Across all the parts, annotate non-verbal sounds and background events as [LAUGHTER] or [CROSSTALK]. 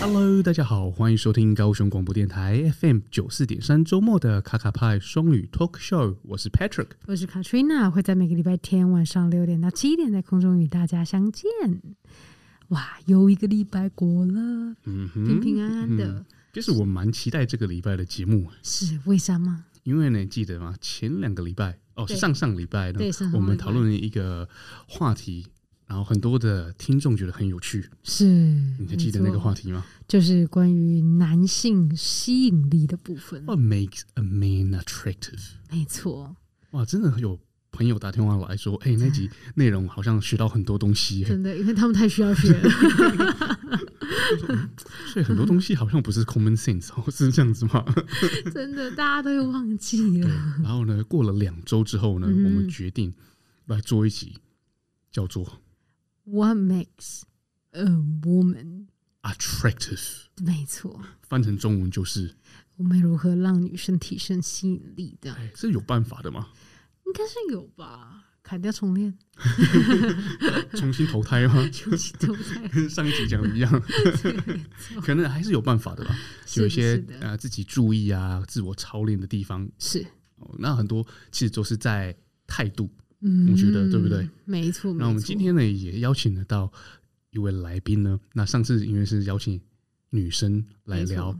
Hello，大家好，歡迎收聽高雄廣播電臺 FM 九四點三周末的卡卡派雙語 Talk Show 我。我是 Patrick，我是 Katrina，會在每個禮拜天晚上六點到七點在空中與大家相見。哇，又一個禮拜過了、嗯哼，平平安安的。其、嗯、實、嗯就是、我蠻期待這個禮拜的節目，是為什麼？因為呢，記得嗎？前兩個禮拜，哦，是上上禮拜呢，上上禮拜我們討論了一個話題。然後很多的聽眾覺得很有趣，是你還記得那個話題嗎？就是關於男性吸引力的部分 What makes a man attractive。沒錯，哇，真的有朋友打電話來說，哎、欸，那集內容好像學到很多東西耶、嗯。真的，因為他們太需要學了， [LAUGHS] [LAUGHS] 所以很多東西好像不是 common sense 哦，是這樣子嗎？ [LAUGHS] 真的，大家都又忘記了。然後呢，過了兩周之後呢，嗯、我們決定來做一集叫做。What makes a woman attractive？沒錯錯，翻成中文就是我們如何讓女生提升吸引力的。欸、是有辦法的嗎？應該是有吧，砍掉重練， [LAUGHS] 重新投胎嗎？ [LAUGHS] 重新投胎，跟 [LAUGHS] 上一集講的一樣， [LAUGHS] 可能還是有辦法的吧？是不是有一些啊的、呃，自己注意啊，自我操練的地方是、哦、那很多其實就是在態度。嗯，我覺得、嗯、對不對？沒錯。那我們今天呢，也邀請得到一位來賓呢。那上次因為是邀請女生來聊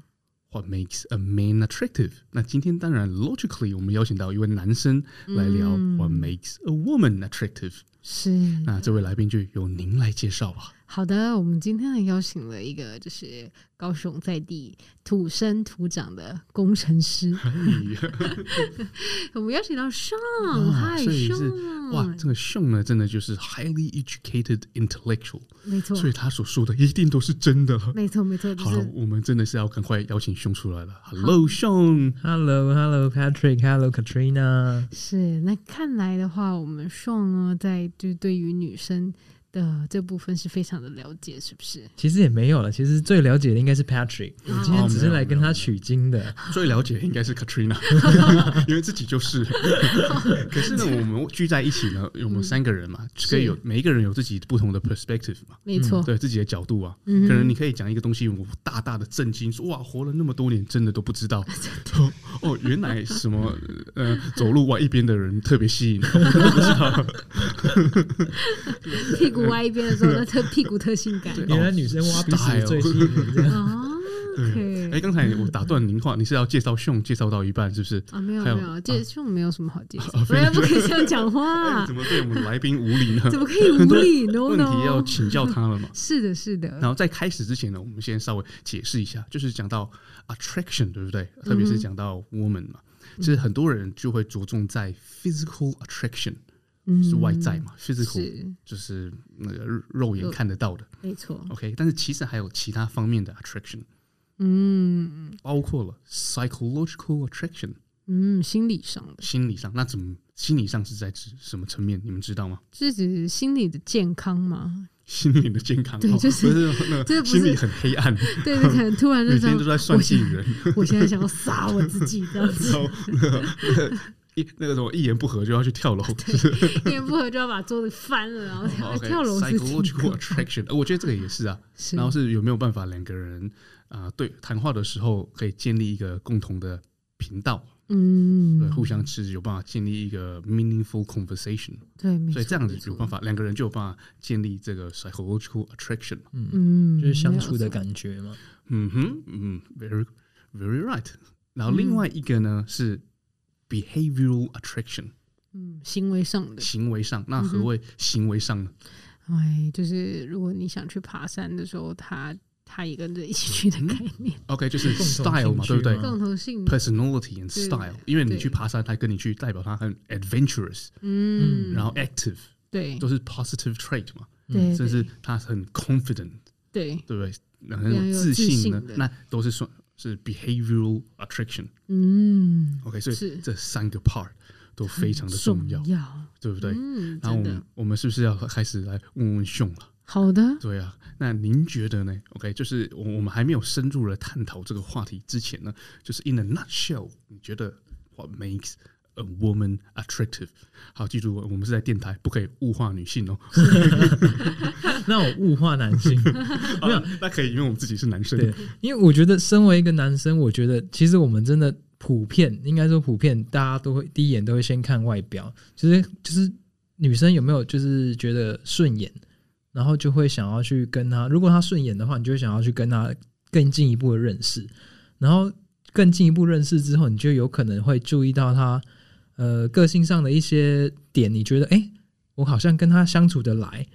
What makes a man attractive，那今天當然 logically 我們邀請到一位男生來聊、嗯、What makes a woman attractive。是。那這位來賓就由您來介紹吧。好的，我們今天呢，邀請了一個就是高雄在地土生土長的工程師，啊、 [LAUGHS] 我們邀請到 s h 凶哇，這個 s 呢，真的就是 highly educated intellectual。沒錯，所以他所說的一定都是真的了，沒錯沒錯。好了，我們真的是要趕快邀請 s 出來了。Hello，s h a n Hello，Hello，Patrick，Hello，Katrina。Hello, hello, hello, 是，那看來的話，我們 s 呢，在就對於女生的這部分是非常的了解，是不是？其實也沒有了。其實最了解的應該是 Patrick，我今天只是來跟他取經的。Oh, no, no, no, no. 最了解應該是 Katrina， [LAUGHS] [LAUGHS] [LAUGHS] 因為自己就是。 [LAUGHS] [LAUGHS] 可是呢， [LAUGHS] 我們聚在一起呢， [LAUGHS] 我們三個人嘛， [LAUGHS] 可以有每一個人有自己不同的 perspective 嘛。沒錯，對自己的角度啊，嗯、可能你可以講一個東西，我大大的震驚，說哇，活了那麼多年，真的都不知道。 [LAUGHS] 哦，原來什麼， [LAUGHS] 呃走路外一邊的人特別吸引。歪一邊的時候， [LAUGHS] 那這屁股特性感。原來女生挖大腿哦。 [LAUGHS] 對。哎、欸，剛才我打斷您的話， [LAUGHS] 你是要介紹秀，介紹到一半是不是？啊，沒有，有沒有，啊、介紹沒有什麼好介紹。不、啊、不可以這樣講話、啊。 [LAUGHS] 怎麼對我們來賓無禮呢？ [LAUGHS] 怎麼可以無禮呢？ [LAUGHS] 問題要請教他了嘛？ [LAUGHS] 是的，是的。然後在開始之前呢，我們先稍微解釋一下，就是講到 attraction，對不對？嗯、特別是講到 woman 嘛，其、嗯、實、就是、很多人就會着重在 physical attraction。就是外在嘛？是、嗯、是，就是那個肉眼看得到的，沒錯。OK，但是其實還有其他方面的 attraction，嗯，包括了 psychological attraction，嗯，心理上的，心理上，那怎麼？心理上是在指什麼層面？你們知道嗎？是指心理的健康嗎？心理的健康，對，就是，哦、不是，不是心理很黑暗，對，對、就是，對。突然就這都在算計人。我現在想要殺我自己， [LAUGHS] 這那個時候，一言不合就要去跳樓，一言不合就要把桌子翻了，然後跳樓。Psychological attraction，、哦、我覺得這個也是啊。是，然後是有沒有辦法兩個人啊、呃，對，談話的時候可以建立一個共同的頻道，嗯，互相其實有辦法建立一個 meaningful conversation，對，所以這樣子有辦法，兩個人就有辦法建立這個 psychological attraction，嗯，就是相處的感覺嘛，嗯哼，嗯、mm -hmm, mm -hmm,，very very right。然後另外一個呢、嗯、是。behavioral attraction，嗯，行為上的，行為上，那何謂行為上呢、嗯？哎，就是如果你想去爬山的時候，他他也跟着一起去的概念。嗯、OK，就是 style 嘛，嘛，對不對？共同性。personality and style。因為你去爬山，他跟你去，代表他很 adventurous，嗯，然後 active，對，都是 positive trait 嘛，對，對，對，甚至他很 confident，對，對不對？那很有自信的，那都是算。是 behavioral attraction，嗯，OK，所以這三個 part 都非常的重要，重要對不對？嗯，然後我們，我們是不是要開始來問問熊了？好的，對啊。那您覺得呢？OK，就是我我們還沒有深入的探討這個話題之前呢，就是 in a nutshell，你覺得 what makes A woman attractive，好，記住，我們是在電台，不可以物化女性哦、喔。 [LAUGHS] 那我物化男性，沒 [LAUGHS] 有、oh, 啊，那可以，因為我們自己是男生。因為我覺得身為一個男生，我覺得其實我們真的普遍，應該說普遍，大家都會第一眼都會先看外表。其、就、實、是，就是女生有沒有就是覺得順眼，然後就會想要去跟他。如果她順眼的話，你就會想要去跟他更進一步的認識。然後更進一步認識之後，你就有可能會注意到她。呃，個性上的一些點，你覺得，欸，我好像跟他相處得來，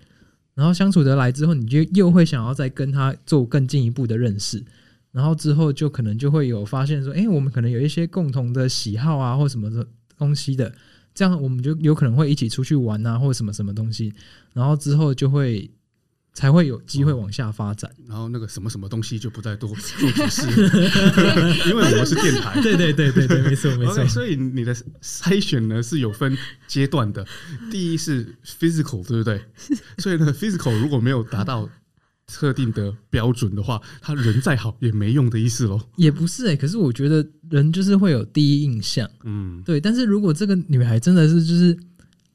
然後相處得來之後，你就又會想要再跟他做更進一步的認識，然後之後就可能就會有發現說，欸，我們可能有一些共同的喜好啊，或什麼的東西的，這樣我們就有可能會一起出去玩啊，或什麼什麼東西，然後之後就會。才會有機會往下發展。哦。然後那個什麼什麼東西就不再多做解釋，示 [LAUGHS] [LAUGHS] 因為我們是電台。 [LAUGHS] 對對對對對，沒錯沒錯。 [LAUGHS] okay, 所以你的篩選呢是有分階段的。第一是 physical，對不對？ [LAUGHS] 所以呢，physical 如果沒有達到特定的標準的話，他人再好也沒用的意思嘍。也不是哎、欸，可是我覺得人就是會有第一印象。嗯，對。但是如果這個女孩真的是就是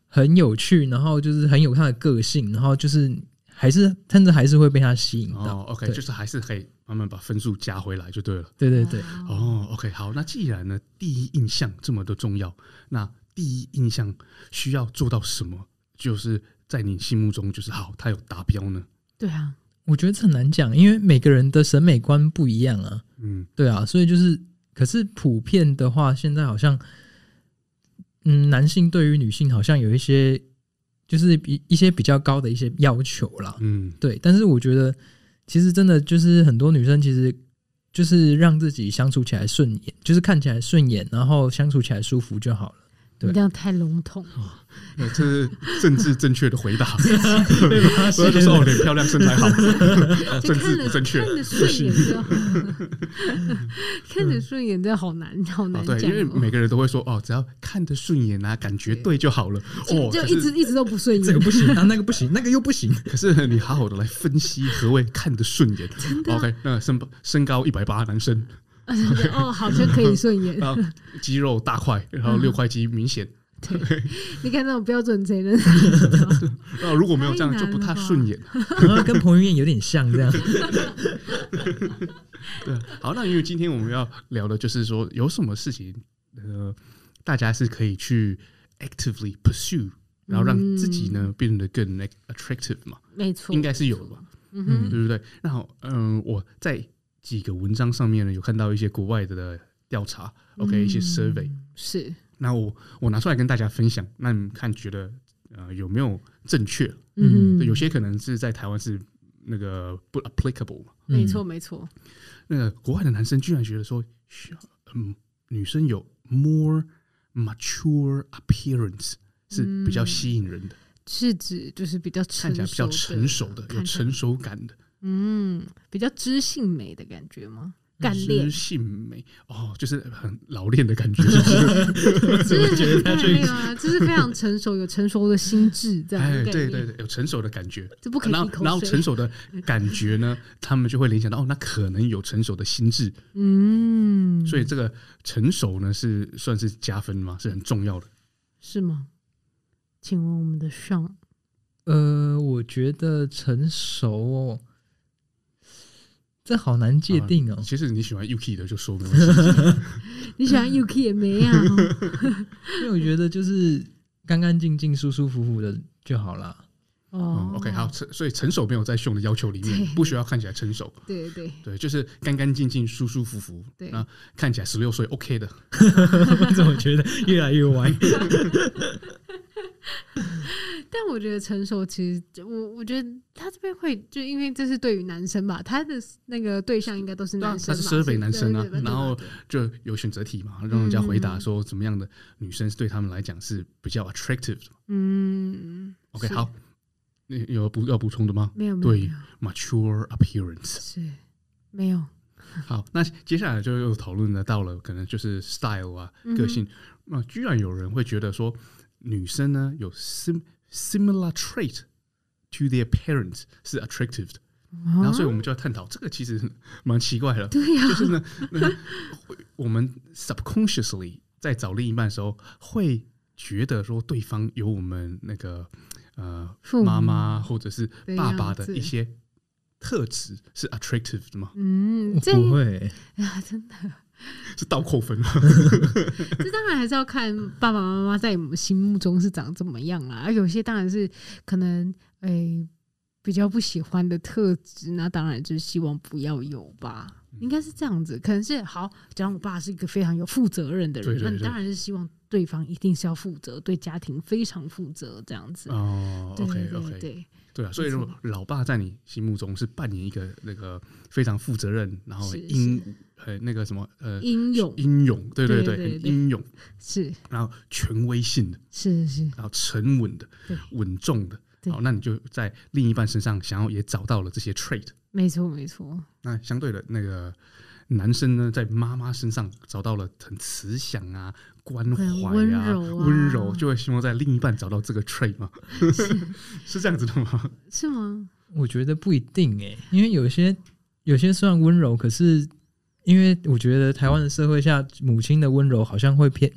很有趣，然後就是很有她的個性，然後就是。還是甚至還是會被他吸引到，Oh, OK，就是還是可以慢慢把分數加回來就對了。對對對，哦，Oh, OK，好，那既然呢，第一印象這麼的重要，那第一印象需要做到什麼？就是在你心目中就是好，他有達標呢？對啊，我覺得這很難講，因為每個人的審美觀不一樣啊。嗯，對啊，所以就是，可是普遍的話，現在好像，嗯，男性對於女性好像有一些。就是比一些比較高的一些要求啦，嗯，對。但是我覺得，其實真的就是很多女生，其實就是讓自己相處起來順眼，就是看起來順眼，然後相處起來舒服就好了。一定要太籠統。這是政治正確的回答，所 [LAUGHS] 以、啊啊、就是、說我臉漂亮、身材好， [LAUGHS] 看了 [LAUGHS] 政治不正確。看着順眼的， [LAUGHS] 看着順眼真的好難，好難講、啊。因為每個人都會說哦，只要看得順眼、啊、感覺對就好了。哦，就一直一直都不順眼，這個不行，那個不行，那個又不行。 [LAUGHS] 可是你好好的來分析何謂看得順眼、啊、，o、okay, k 那身身高一百八男生。哦，好像可以順眼，然後，肌肉大塊，然後六塊肌明顯、嗯。對， [LAUGHS] 你看那種標準型的。 [LAUGHS] [LAUGHS] 那如果沒有這樣，就不太順眼。 [LAUGHS] 然後跟彭於晏有點像這樣。 [LAUGHS] 對，好，那因為今天我們要聊的就是說，有什麼事情呃，大家是可以去 actively pursue，然後讓自己呢變得更 attractive 嘛。嗯、沒錯。應該是有的吧？嗯，對不對？那好，嗯、呃，我在。幾個文章上面呢，有看到一些國外的調查、嗯、，OK，一些 survey 是。那我我拿出來跟大家分享，那你們看覺得呃有沒有正確？嗯，有些可能是在台灣是那個不 applicable 嘛、嗯嗯。沒錯沒錯。那個國外的男生居然覺得說，嗯、女生有 more mature appearance 是比較吸引人的，嗯、是指就是比較看起來比較成熟的，看看有成熟感的。嗯，比較知性美的感覺嗎？幹練、知性美哦，就是很老練的感覺是不是？就是可以啊，就是非常成熟，有成熟的心智在、哎、對對對，有成熟的感覺。就不可能。然後成熟的感覺呢，他們就會聯想到哦，那可能有成熟的心智。嗯，所以這個成熟呢，是算是加分嗎？是很重要的。是嗎？請問我們的上。呃，我覺得成熟哦。這好難界定哦、啊。其實你喜歡 UK 的就說嘛， [LAUGHS] [LAUGHS] 你喜歡 UK 也沒啊、哦。 [LAUGHS] [LAUGHS] 因為我覺得就是乾乾淨淨、舒舒服，服服的就好了。哦、oh.，OK，好成，所以成熟沒有在秀的要求裡面，不需要看起來成熟，對對對，就是干干淨淨、舒舒服服，那看起來十六歲 OK 的。 [LAUGHS] 我覺得越來越歪。 [LAUGHS] [LAUGHS] [LAUGHS] 但我覺得成熟其實，我我覺得他這邊會就因為這是對於男生吧，他的那個對象應該都是男生、啊，他是設備男生啊對對，然後就有選擇題嘛，讓人家回答說怎麼樣的女生是對他們來講是比較 attractive 的。嗯，OK，好。有要補充的嗎？沒有。對沒有，mature appearance 是沒有。好，那接下來就又討論的到了，可能就是 style 啊，嗯、個性。那居然有人會覺得說，女生呢有 sim, similar trait to their parents 是 attractive 的、嗯。然後，所以我們就要探討這個，其實蠻奇怪的。對、嗯、呀，就是呢， [LAUGHS] 我們 subconsciously 在找另一半的時候，會覺得說對方有我們那個。呃，媽媽或者是爸爸的一些特質是 attractive 的嗎？嗯，這不會呀，真的，是倒扣分嗎？ [LAUGHS] 這當然還是要看爸爸媽媽在你們心目中是長怎麼樣了、啊。而有些當然是可能、欸、比較不喜歡的特質，那當然就是希望不要有吧。應該是這樣子，可能是好。假如我爸是一個非常有負責任的人，對對對對，那你當然是希望對方一定是要負責，對家庭非常負責這樣子。哦對對對對，OK OK，對對啊。所以如果老爸在你心目中是扮演一個那個非常負責任，然後英、呃、那個什麼呃英勇英勇，對對對，英勇，對對對對英勇是，然後權威性的，是是，是，然後沉穩的，穩重的。好，那你就在另一半身上想要也找到了這些 trait。沒錯，沒錯。那相對的，那個男生呢，在媽媽身上找到了很慈祥啊、關懷啊、溫柔啊、很溫柔啊、溫柔，就會希望在另一半找到這個 trait 嗎？是， [LAUGHS] 是這樣子的嗎？是嗎？我覺得不一定誒、欸，因為有些有些算溫柔，可是因為我覺得台灣的社會下，母親的溫柔好像會偏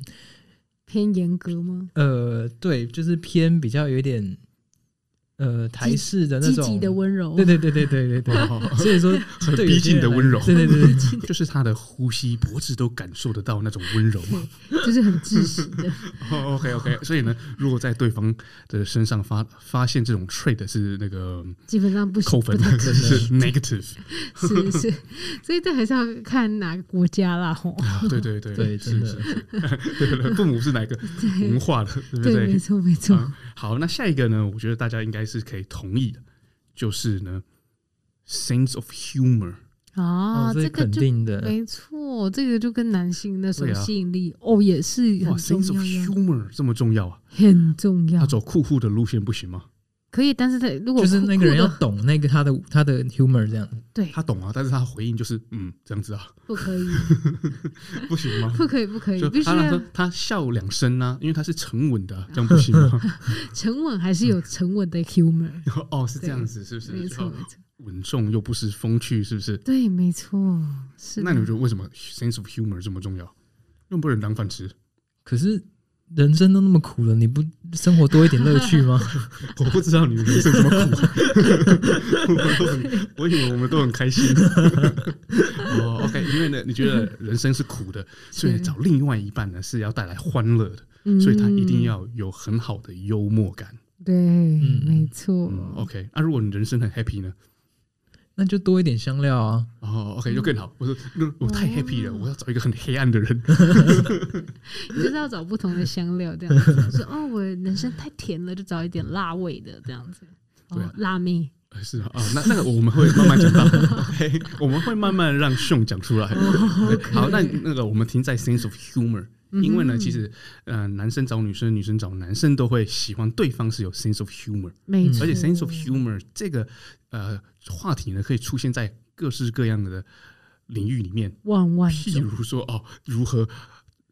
偏嚴格嗎？呃，對，就是偏比較有點。呃，台式的那種，的溫柔。對，對對對對對對對，所以說 [LAUGHS] 對，很逼近的溫柔，對對對，對，就是他的呼吸、脖子都感受得到那種溫柔，就是很直實的。 [LAUGHS] oh, OK OK，所以呢，如果在對方的身上發發現這種 trade 是那個，基本上不扣分， [LAUGHS] 是 negative， [LAUGHS] 是是，所以這還是要看哪個國家啦。呵呵啊、對對對對，是是。父母是哪個文化的？對，沒錯沒錯、啊。好，那下一個呢？我覺得大家應該。是可以同意的，就是呢，sense of humor 啊，這、哦、個肯定的，這個、沒錯，這個就跟男性那種吸引力、啊、哦，也是很重要 wow，sense of humor、啊、這麼重要啊，很重要，要、啊、走酷酷的路線不行嗎？可以，但是他如果的就是那個人，要懂那個他的他的 humor 這樣，對，他懂啊，但是他回應就是嗯，這樣子啊，不可以， [LAUGHS] 不行嗎？不可以，不可以，必他，他，他笑兩聲呢，因為他是沉穩的，這樣不行嗎？ [LAUGHS] 沉穩還是有沉穩的 humor、。 [LAUGHS] 嗯、哦，是這樣子，是不是？沒錯，穩重又不失風趣，是不是？對，沒錯，是。那你們覺得為什麼 sense of humor 這麼重要？又不能當飯吃？可是。人生都那麼苦了，你不生活多一點樂趣嗎？ [LAUGHS] 我不知道你的人生怎麼苦 [LAUGHS] 我，我以為我們都很開心。哦、 [LAUGHS] oh,，OK，因為呢，你覺得人生是苦的，所以找另外一半呢是要帶來歡樂的、嗯，所以他一定要有很好的幽默感。對，嗯、沒錯、嗯。OK，那、啊、如果你人生很 happy 呢？那就多一點香料啊！哦，OK，就、嗯、更好。我說，我太 happy 了，我要，我要，我要找一個很黑暗的人。你 [LAUGHS] [LAUGHS] 就是要找不同的香料，這樣子、就是。哦，我人生太甜了，就找一點辣味的這樣子。哦，辣味。是啊。啊、哦，那那個我們會慢慢講到， [LAUGHS] okay, 我們會慢慢讓熊講出來、 [LAUGHS] 哦 okay。好，那那個我們停在 sense of humor。因為呢，其實、呃，男生找女生，女生找男生，都會喜歡對方是有 sense of humor，沒錯。而且 sense of humor 這個呃話題呢，可以出現在各式各樣的領域裡面，萬萬的。譬如說哦，如何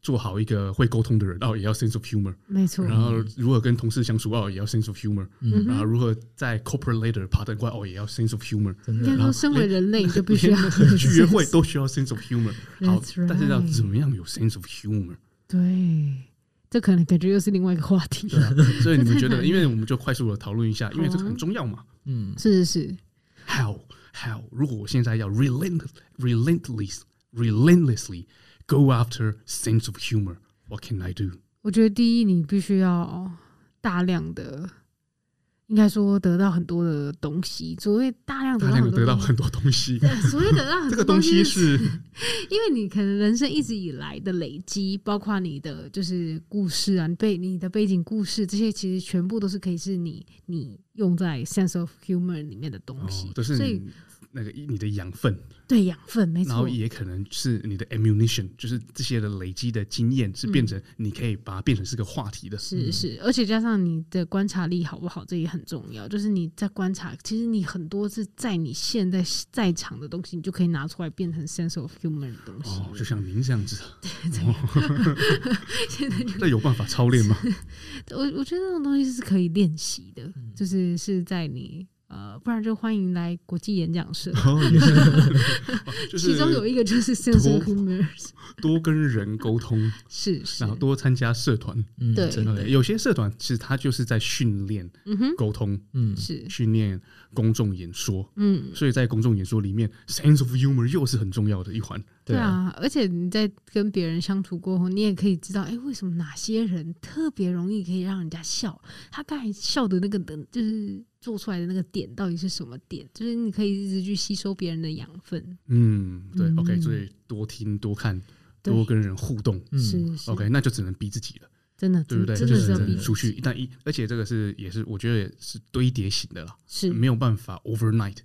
做好一個會溝通的人哦，也要 sense of humor，沒錯。然後如何跟同事相處哦，也要 sense of humor，、嗯、然後如何在 corporate ladder 跑得快哦，也要 sense of humor，真的。然後身為人類就必須要去 [LAUGHS] 約會都需要 sense of humor，好、right，但是要怎麼樣有 sense of humor？對，這可能感覺又是另外一個話題對、啊。所以你們覺得，因為我們就快速的討論一下、嗯，因為這個很重要嘛。嗯，是是是。How how？如果我現在要 relentless relentlessly relentlessly go after sense of humor，what can I do？我覺得第一，你必須要大量的。應該說得到很多的東西，所謂大量的，大量得到很多東西，對，得到很多東西，這個 [LAUGHS] 東西是，因為你可能人生一直以來的累積，包括你的就是故事啊，背你的背景故事，這些其實全部都是可以是你你用在 sense of humor 裡面的東西，哦，就是你，所以。那個你的養分，對，養分沒錯，然後，也可能是你的 ammunition，就是這些的累積的經驗、嗯，是變成你可以把它變成是個話題的。是是、嗯，而且加上你的觀察力好不好，這也很重要。就是你在觀察，其實你很多是在你現在在場的東西，你就可以拿出來變成 sense of humor 的東西。哦，就像您這樣子。對對哦、 [LAUGHS] [LAUGHS] 現在那就 [LAUGHS] 有辦法操練嗎？我我覺得這種東西是可以練習的、嗯，就是是在你。呃，不然就歡迎來國際演講社、oh, yes. [LAUGHS] 其中有一個就是 sense of humor，多跟人溝通是，是，然後多參加社團、嗯，對，有些社團其實它就是在訓練，嗯哼，溝通，嗯，是訓練公眾演說，嗯，所以在公眾演說裡面、嗯、sense of humor 又是很重要的一環。對啊，對啊，而且你在跟別人相處過後，你也可以知道，哎、欸，為什麼哪些人特別容易可以讓人家笑？他剛才笑的那個就是做出來的那個點到底是什麼點？就是你可以一直去吸收別人的養分。嗯，對，OK，所以多聽、多看、嗯、多跟人互動，嗯、是，是 OK，那就只能逼自己了。真的，對不對？就是要逼、就是、能出去。一旦一而且這個是也是我覺得也是堆疊型的啦，是沒有辦法 overnight。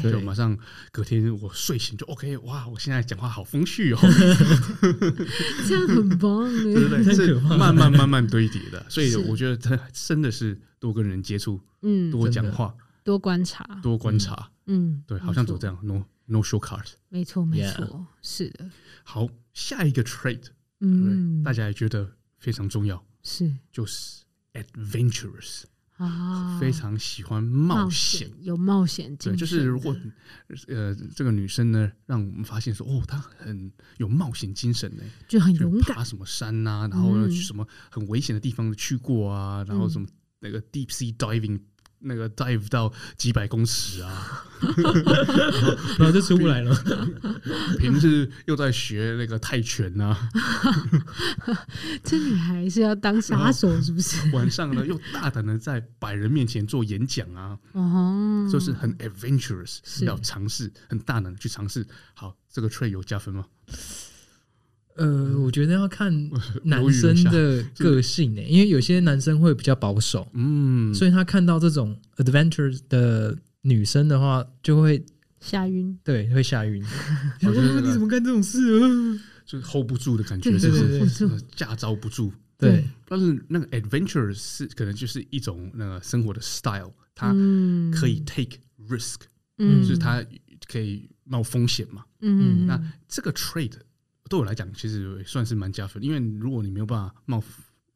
對就馬上隔天我睡醒就 OK，哇！我現在講話好風趣哦， [LAUGHS] [LAUGHS] 這樣很棒。對對對，是慢慢慢慢堆疊的，所以我覺得他真的是多跟人接觸，嗯，多講話，多觀察，多觀察，嗯，嗯對，好像就這樣，no no shortcut，沒錯沒錯，沒錯 yeah. 是的。好，下一個 trait，嗯，大家也覺得非常重要，是就是 adventurous。啊，非常喜歡冒險，有冒險精神。就是如果呃，這個女生呢，讓我們發現說，哦，她很有冒險精神呢、欸，就很勇敢，爬什麼山吶、啊，然後什麼很危險的地方去過啊、嗯，然後什麼那個 deep sea diving。那個 dive 到幾百公尺啊，然後就出不來了。平日又在學那個泰拳啊，這女孩是要當殺手是不是？晚上呢，又大膽的在百人面前做演講啊，哦，就是很 adventurous，要嘗試，很大膽去嘗試。好，這個 trait 有加分嗎？呃，我覺得要看男生的個性呢，欸，因為有些男生會比較保守，嗯，所以他看到這種 adventure 的女生的話，就會嚇暈，對，會嚇暈。我、哦、得、就是那個、 [LAUGHS] 你怎麼幹這種事啊？就 hold 不住的感覺，就是對，對，駕招不，不住。對，但是那個 adventure 是可能就是一種那個生活的 style，他可以 take risk，嗯，就是他可以冒風險嘛，嗯，那這個 trait。對我來講，其實也算是蠻加分，因為如果你沒有辦法冒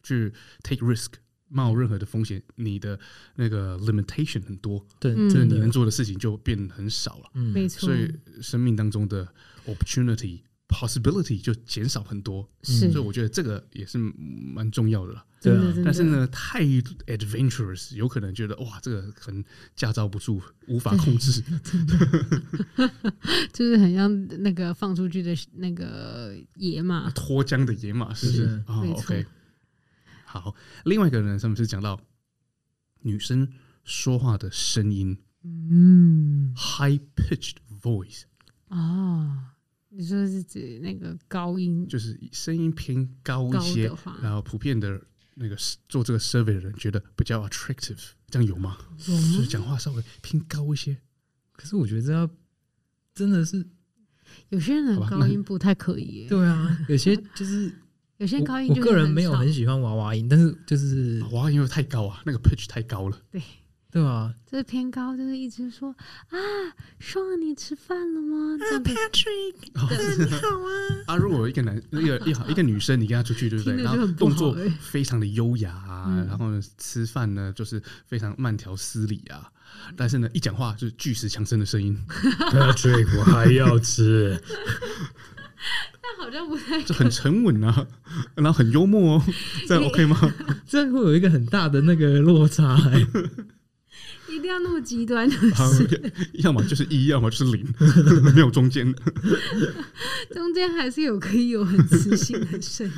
去 take risk，冒任何的風險，你的那個 limitation 很多，對，就是你能做的事情就變很少了。嗯。所以生命當中的 opportunity。Possibility 就減少很多，所以我覺得這個也是蠻重要的啦。啊，但是呢，太 adventurous 有可能覺得哇，這個可能駕照不住，無法控制， [LAUGHS] [LAUGHS] 就是很像那個放出去的那個野馬，脫韁的野馬，是不是？啊、oh，OK。好，另外一個呢，上面是講到女生說話的聲音，嗯，high pitched voice、哦你說是指那個高音，就是聲音偏高一些，然後普遍的那個做這個設備的人覺得比較 attractive，這樣有嗎、嗯？就是講話稍微偏高一些，可是我覺得要真的是，有些人高音不太可以、欸。對啊，有些就是 [LAUGHS] 有些高音就，我個人沒有很喜歡娃娃音，但是就是娃娃音又太高啊，那個 pitch 太高了。對。對吧？這是偏高，就是一直說啊，說你吃飯了嗎、啊？Patrick、啊、你好嗎、啊？啊，如果一個男、一個一、一個女生，你跟她出去對不對就不、欸？然後動作非常的優雅啊，嗯、然後吃飯呢就是非常慢條斯理啊，但是呢一講話就是巨石強森的聲音。 [LAUGHS] Patrick，我還要吃。 [LAUGHS] [LAUGHS] 但好像不太，這很沉穩啊，然後很幽默哦，這樣 OK 嗎？ [LAUGHS] 這樣會有一個很大的那個落差、哎。 [LAUGHS] 一定要那麼極端？好，要麼就是一，要麼就是零，沒有中間的。 [LAUGHS] 中間還是有可以有很磁性的聲音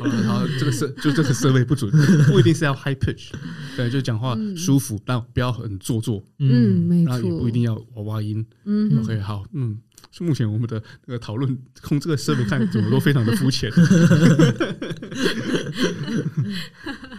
好。好，這個設，就這個設備不準，不一定是要 high pitch。對，就講話舒服、嗯，但不要很做作。嗯，沒錯。也不一定要娃娃音。嗯，OK，好，嗯，所以目前我們的那個討論，從這個設備看，怎麼都非常的膚淺。 [LAUGHS] [LAUGHS]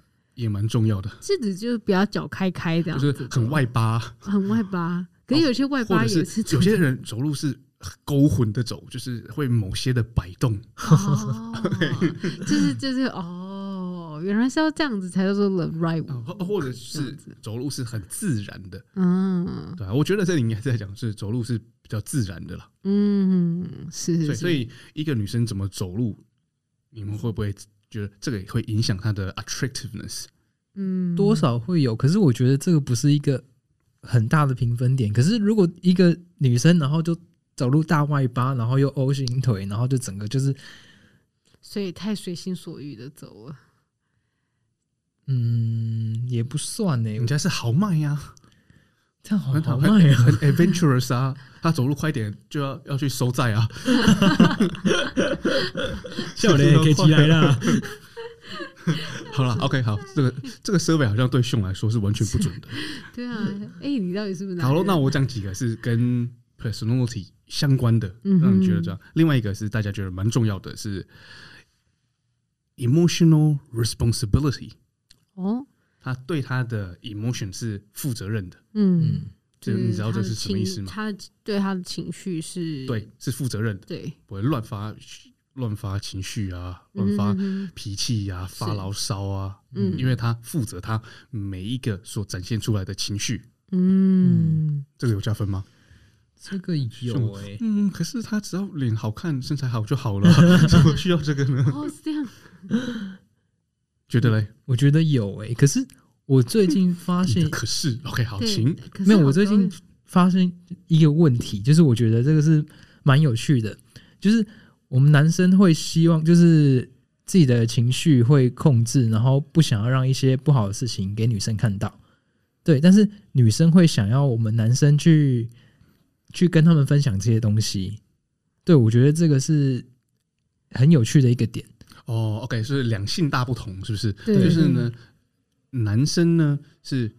也蠻重要的，是指就是不要腳開開這樣，就是很外八，很外八。可是有些外八也是，有些人走路是勾魂的走，就是會某些的擺動、哦。就是就是哦，原來是要這樣子才叫做 the right。或者是走路是很自然的，嗯，對、啊，我覺得這裡面在講是,是走路是比較自然的了。嗯，是，所以一個女生怎麼走路，你們會不會？就是這個也會影響他的 attractiveness，嗯，多少會有。可是我覺得這個不是一個很大的評分點。可是如果一個女生然後就走路大外八，然後又 O 型腿，然後就整個就是，所以太隨心所欲的走了。嗯，也不算呢，人家是豪邁呀、啊。這樣好像、啊、很冒險很，很 adventurous 啊！ [LAUGHS] 他走路快點，就要要去收債啊， [LAUGHS] [LAUGHS] 很啊 [LAUGHS] [LAUGHS] 好啦！笑也可以起來啦。好了，OK，好，這個這個設備好像對熊來說是完全不準的。 [LAUGHS] 對啊，哎、欸，你到底是不是？好了，那我講幾個是跟 personality 相關的，讓你覺得這樣。嗯、另外一個是大家覺得蠻重要的，是 emotional responsibility。哦。他對他的 emotion 是負責任的，嗯，這你知道這是什麼意思嗎？嗯就是、他，他對他的情緒是對是負責任的，對，不會亂發亂發情緒啊，亂發脾氣呀、啊嗯，發牢騷啊嗯，嗯，因為他負責他每一個所展現出來的情緒、嗯，嗯，這個有加分嗎？這個有哎、欸，嗯，可是他只要臉好看、身材好就好了，怎 [LAUGHS] 麼需要這個呢？哦，是這樣。 [LAUGHS] 覺得嘞？我覺得有誒、欸，可是我最近發現，可是 OK 好行。沒有，我最近發現一個問題，就是我覺得這個是蠻有趣的，就是我們男生會希望，就是自己的情緒會控制，然後不想要讓一些不好的事情給女生看到。對，但是女生會想要我們男生去去跟他們分享這些東西。對，我覺得這個是很有趣的一個點。哦、oh，OK，所以兩性大不同，是不是？對，就是呢，男生呢是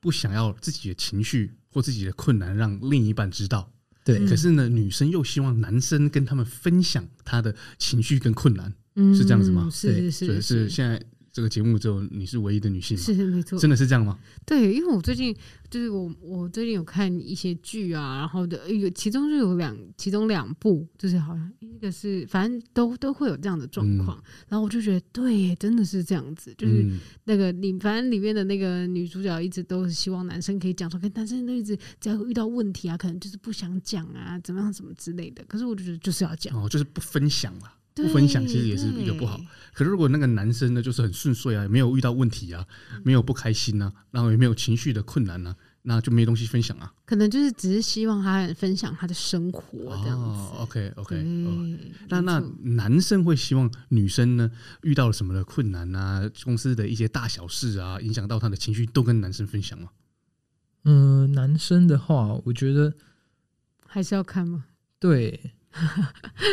不想要自己的情緒或自己的困難讓另一半知道，對。可是呢，女生又希望男生跟他們分享他的情緒跟困難，嗯，是這樣子嗎？是是是是對，所以是，是。現在。這個節目之後，你是唯一的女性，是沒錯。真的是這樣嗎？對，因為我最近就是我，我最近有看一些劇啊，然後的有其中就有兩，其中兩部就是好像一個是，反正都都會有這樣的狀況、嗯，然後我就覺得對耶，真的是這樣子，就是那個你、嗯，反正裡面的那個女主角一直都是希望男生可以講，說跟男生都一直只要遇到問題啊，可能就是不想講啊，怎麼樣怎麼之類的，可是我就覺得就是要講，哦，就是不分享啊。不分享，其實也是比較不好。可是如果那個男生呢，就是很順遂啊，沒有遇到問題啊、嗯，沒有不開心啊，然後也沒有情緒的困難啊，那就沒東西分享啊。可能就是只是希望他分享他的生活這樣子。哦，OK OK，哦。那那男生會希望女生呢遇到了什麼的困難啊，公司的一些大小事啊，影響到他的情緒，都跟男生分享嗎？嗯，男生的話，我覺得還是要看嘛。對。 [LAUGHS]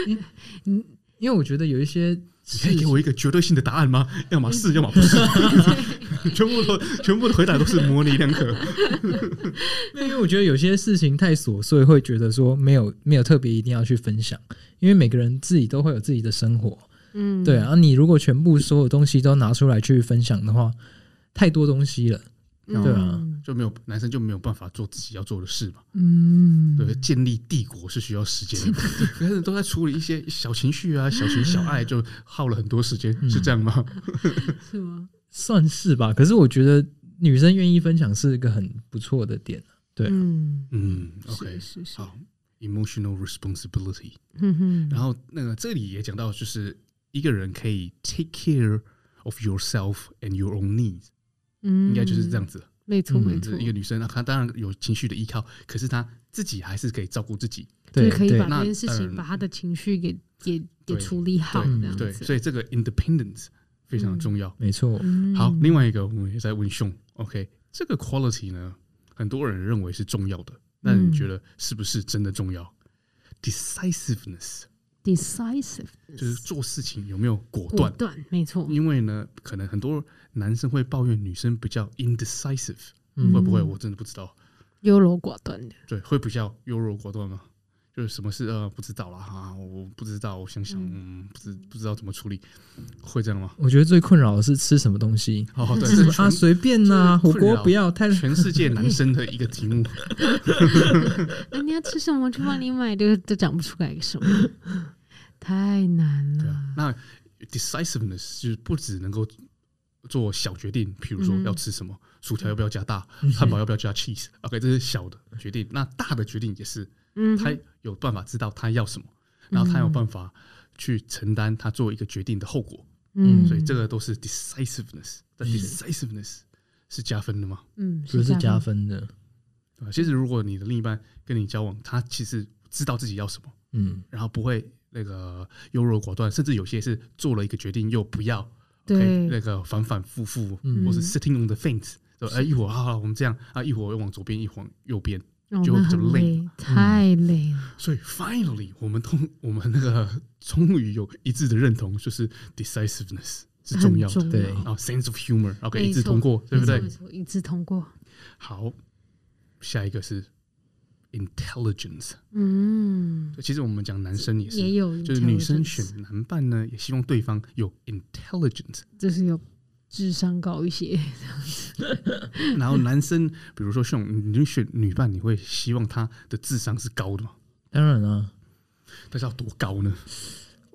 嗯，你因為我覺得有一些，你可以給我一個絕對性的答案嗎？要麼是，要麼不是 [LAUGHS] 對 [LAUGHS] 全，全部都全部的回答都是模棱兩可。 [LAUGHS] 因為我覺得有些事情太瑣碎，會覺得說沒有沒有特別一定要去分享，因為每個人自己都會有自己的生活，嗯，對啊，你如果全部所有東西都拿出來去分享的話，太多東西了。對啊、嗯，就沒有男生就沒有辦法做自己要做的事嘛。嗯，對，建立帝國是需要時間的， [LAUGHS] 但是都在處理一些小情緒啊、小情小愛，就耗了很多時間，嗯，是這樣嗎？是嗎？ [LAUGHS] 算是吧。可是我覺得女生願意分享是一個很不錯的點。對，嗯，okay，是是是，好，emotional responsibility。嗯哼，然後那個這裡也講到，就是一個人可以 take care of yourself and your own needs。嗯，應該就是這樣子了，沒錯沒錯。一個女生她當然有情緒的依靠，可是她自己還是可以照顧自己，對，可以把這件事情、呃、把她的情緒給給給處理好這樣子對對，對，所以這個 independence 非常的重要，沒錯。好，嗯、另外一個我們也在問熊，OK，這個 quality 呢，很多人認為是重要的，那你覺得是不是真的重要、嗯、？decisiveness。Decisive 就是做事情有沒有果斷？沒錯，因為呢，可能很多男生會抱怨女生比較 indecisive，、嗯、會不會？我真的不知道，優柔寡斷的，對，會比較優柔寡斷嗎？就是什麼事呃，不知道了哈、啊，我不知道，我想想，嗯，不、嗯、不知道怎麼處理，會這樣嗎？我覺得最困擾的是吃什麼東西哦，對、嗯、是啊，隨便吶、啊，火鍋不要太，全世界男生的一個題目，那 [LAUGHS] [LAUGHS] 啊、你要吃什麼？去幫你買，都都講不出來什麼。太難了。那 decisiveness 就不只能夠做小決定，比如說要吃什麼薯條，要不要加大，是是漢堡要不要加 cheese，OK，、okay, 這是小的決定。那大的決定也是，他有辦法知道他要什麼，然後他有辦法去承擔他做一個決定的後果。嗯、所以這個都是 decisiveness，是是但 decisiveness 是加分的嗎？嗯，是加分的。其實如果你的另一半跟你交往，他其實知道自己要什麼，嗯，然後不會。.那個優柔寡斷，甚至有些是做了一個決定又不要，對 okay, 那個反反复覆、嗯，或是 sitting on the fence，說哎、欸、一會兒啊，我們這樣啊，一會兒又往左邊，一會往右邊、哦，就會比較累，累、嗯，太累了。所以 finally，我們通，我們那個終於、那個、有一致的認同，就是 decisiveness 是重要的，要的對，然後、oh, sense of humor，OK，、okay, 一致通過，對不對？A -Soul, A -Soul, 一致通過，好，下一個是。Intelligence，嗯，其實我們講男生也是也有，就是女生選男伴呢，也希望對方有 intelligence，就是要智商高一些這樣子。 [LAUGHS] 然後男生，比如說選你選女伴，你會希望她的智商是高的嗎？當然了、啊，但是要多高呢？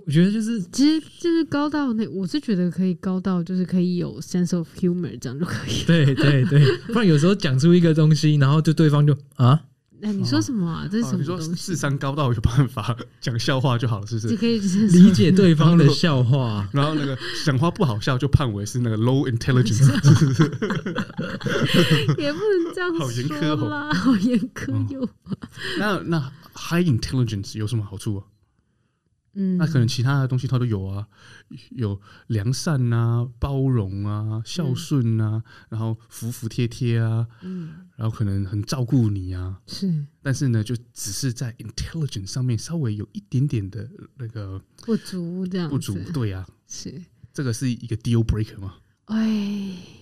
我覺得就是，其實就是高到那，我是覺得可以高到，就是可以有 sense of humor，這樣就可以對。對對對， [LAUGHS] 不然有時候講出一個東西，然後就對方就啊。哎、欸，你說什麼、啊哦？這是什麼、啊？你說智商高到有辦法講笑話就好了，是不是？你可以理解對方的笑話 [LAUGHS] 然然，然後那個講話不好笑就判為是那個 low intelligence， [LAUGHS] 是不是 [LAUGHS] [LAUGHS] 也不能這樣說，好嚴苛好嚴苛又。那那 high intelligence 有什麼好處、啊嗯，那可能其他的東西他都有啊，有良善啊，包容啊，孝順啊，嗯，然後服服帖帖啊，嗯，然後可能很照顧你啊，是，但是呢，就只是在 intelligence 上面稍微有一點點的那個不足，這樣不足，對啊，這是這個是一個 deal breaker 嗎？哎。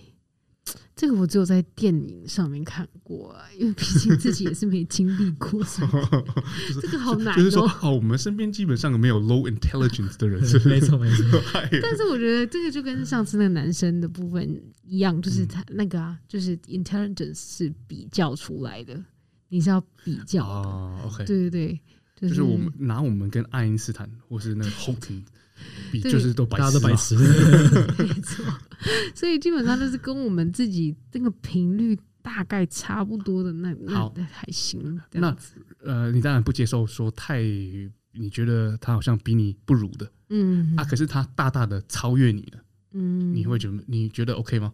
這個我只有在電影上面看過、啊，因為畢竟自己也是沒經歷過是是， [LAUGHS] 就是、 [LAUGHS] 這個好難、哦。就是說，哦、啊，我們身邊基本上沒有 low intelligence 的人是是， [LAUGHS] 沒錯沒錯。 [LAUGHS] 但是我覺得這個就跟上次那個男生的部分一樣，就是他、嗯、那個啊，就是 intelligence 是比較出來的，你是要比較啊、哦 okay。對對對，就是、就是、我們拿我們跟愛因斯坦或是那個 Hawking。 [LAUGHS] 比就是都白痴，大家都白痴吧 [LAUGHS] 沒錯，所以基本上都是跟我們自己這個頻率大概差不多的那那還行那。那呃，你當然不接受說太，你覺得他好像比你不如的，嗯啊，可是他大大的超越你了，嗯，你會覺得你覺得 OK 嗎？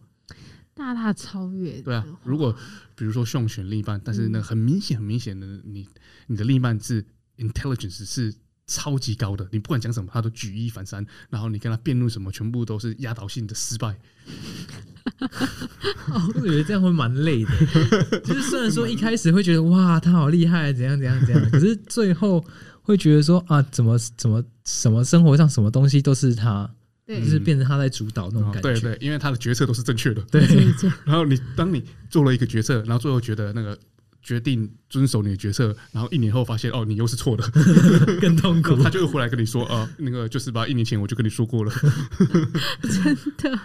大大超越，對啊。如果比如說像選另一半，但是那很明顯、很明顯的，你你的另一半是 intelligence 是。超級高的，你不管講什麼，他都舉一反三，然後你跟他辯論什麼，全部都是壓倒性的失敗。 [LAUGHS] [LAUGHS] [LAUGHS] [LAUGHS] 我以為這樣會蠻累的，就是雖然說一開始會覺得哇，他好厲害，怎樣怎樣怎樣，可是最後會覺得說啊，怎麼怎麼什麼生活上什麼東西都是他，就是、嗯、變成他在主導那種感覺。對，對對，因為他的決策都是正確的。對。對對對，然後你當你做了一個決策，然後最後覺得那個。決定遵守你的決策，然後一年後發現哦，你又是錯的， [LAUGHS] 更痛苦。他就會回來跟你說啊、呃，那個就是吧，一年前我就跟你說過了， [LAUGHS] [LAUGHS] 真的。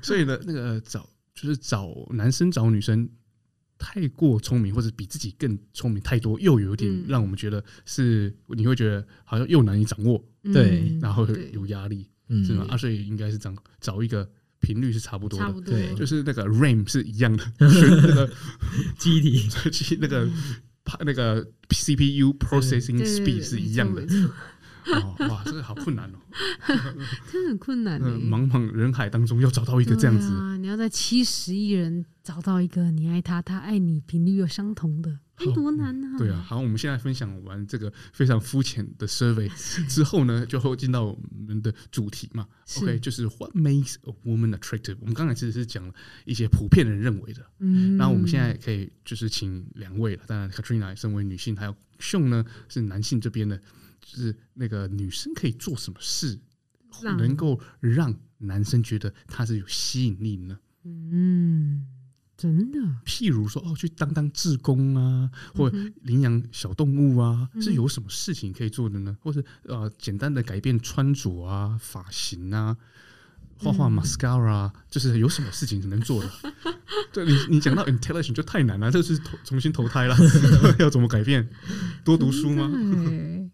所以呢，那個找就是找男生找女生，太過聰明或者比自己更聰明太多，又有一點讓我們覺得是、嗯、你會覺得好像又難以掌握，對，然後有壓力，是嗎？嗯、所以應該是找找一個。頻率是差不多，的，對，就是那個 RAM 是一樣的，是那個記 [LAUGHS] 憶體， [LAUGHS] 那個那個 CPU processing speed 對對對是一樣的。對對對哦、 [LAUGHS] 哇，這個好困難哦， [LAUGHS] 真的很困難、嗯。茫茫人海當中又找到一個這樣子，啊、你要在七十億人找到一個你愛他，他愛你，頻率又相同的。那多難啊！對啊，好，我們現在分享完這個非常膚淺的 survey 之後呢，就會進到我們的主題嘛。OK，就是 What makes a woman attractive？我們剛才其實是講了一些普遍的人認為的，嗯。那我們現在可以就是請兩位了，當然 Katrina 身為女性，還有 Sean 呢是男性這邊的，就是那個女生可以做什麼事能夠讓男生覺得她是有吸引力呢？嗯。真的，譬如說哦，去當當志工啊，或者領養小動物啊，是有什麼事情可以做的呢？嗯、或是呃，簡單的改變穿着啊、髮型啊、畫畫 mascara、嗯、就是有什麼事情能做的？ [LAUGHS] 對你，你講到 intelligence 就太難了，這、就是重新投胎了， [LAUGHS] [LAUGHS] 要怎麼改變？多讀書嗎？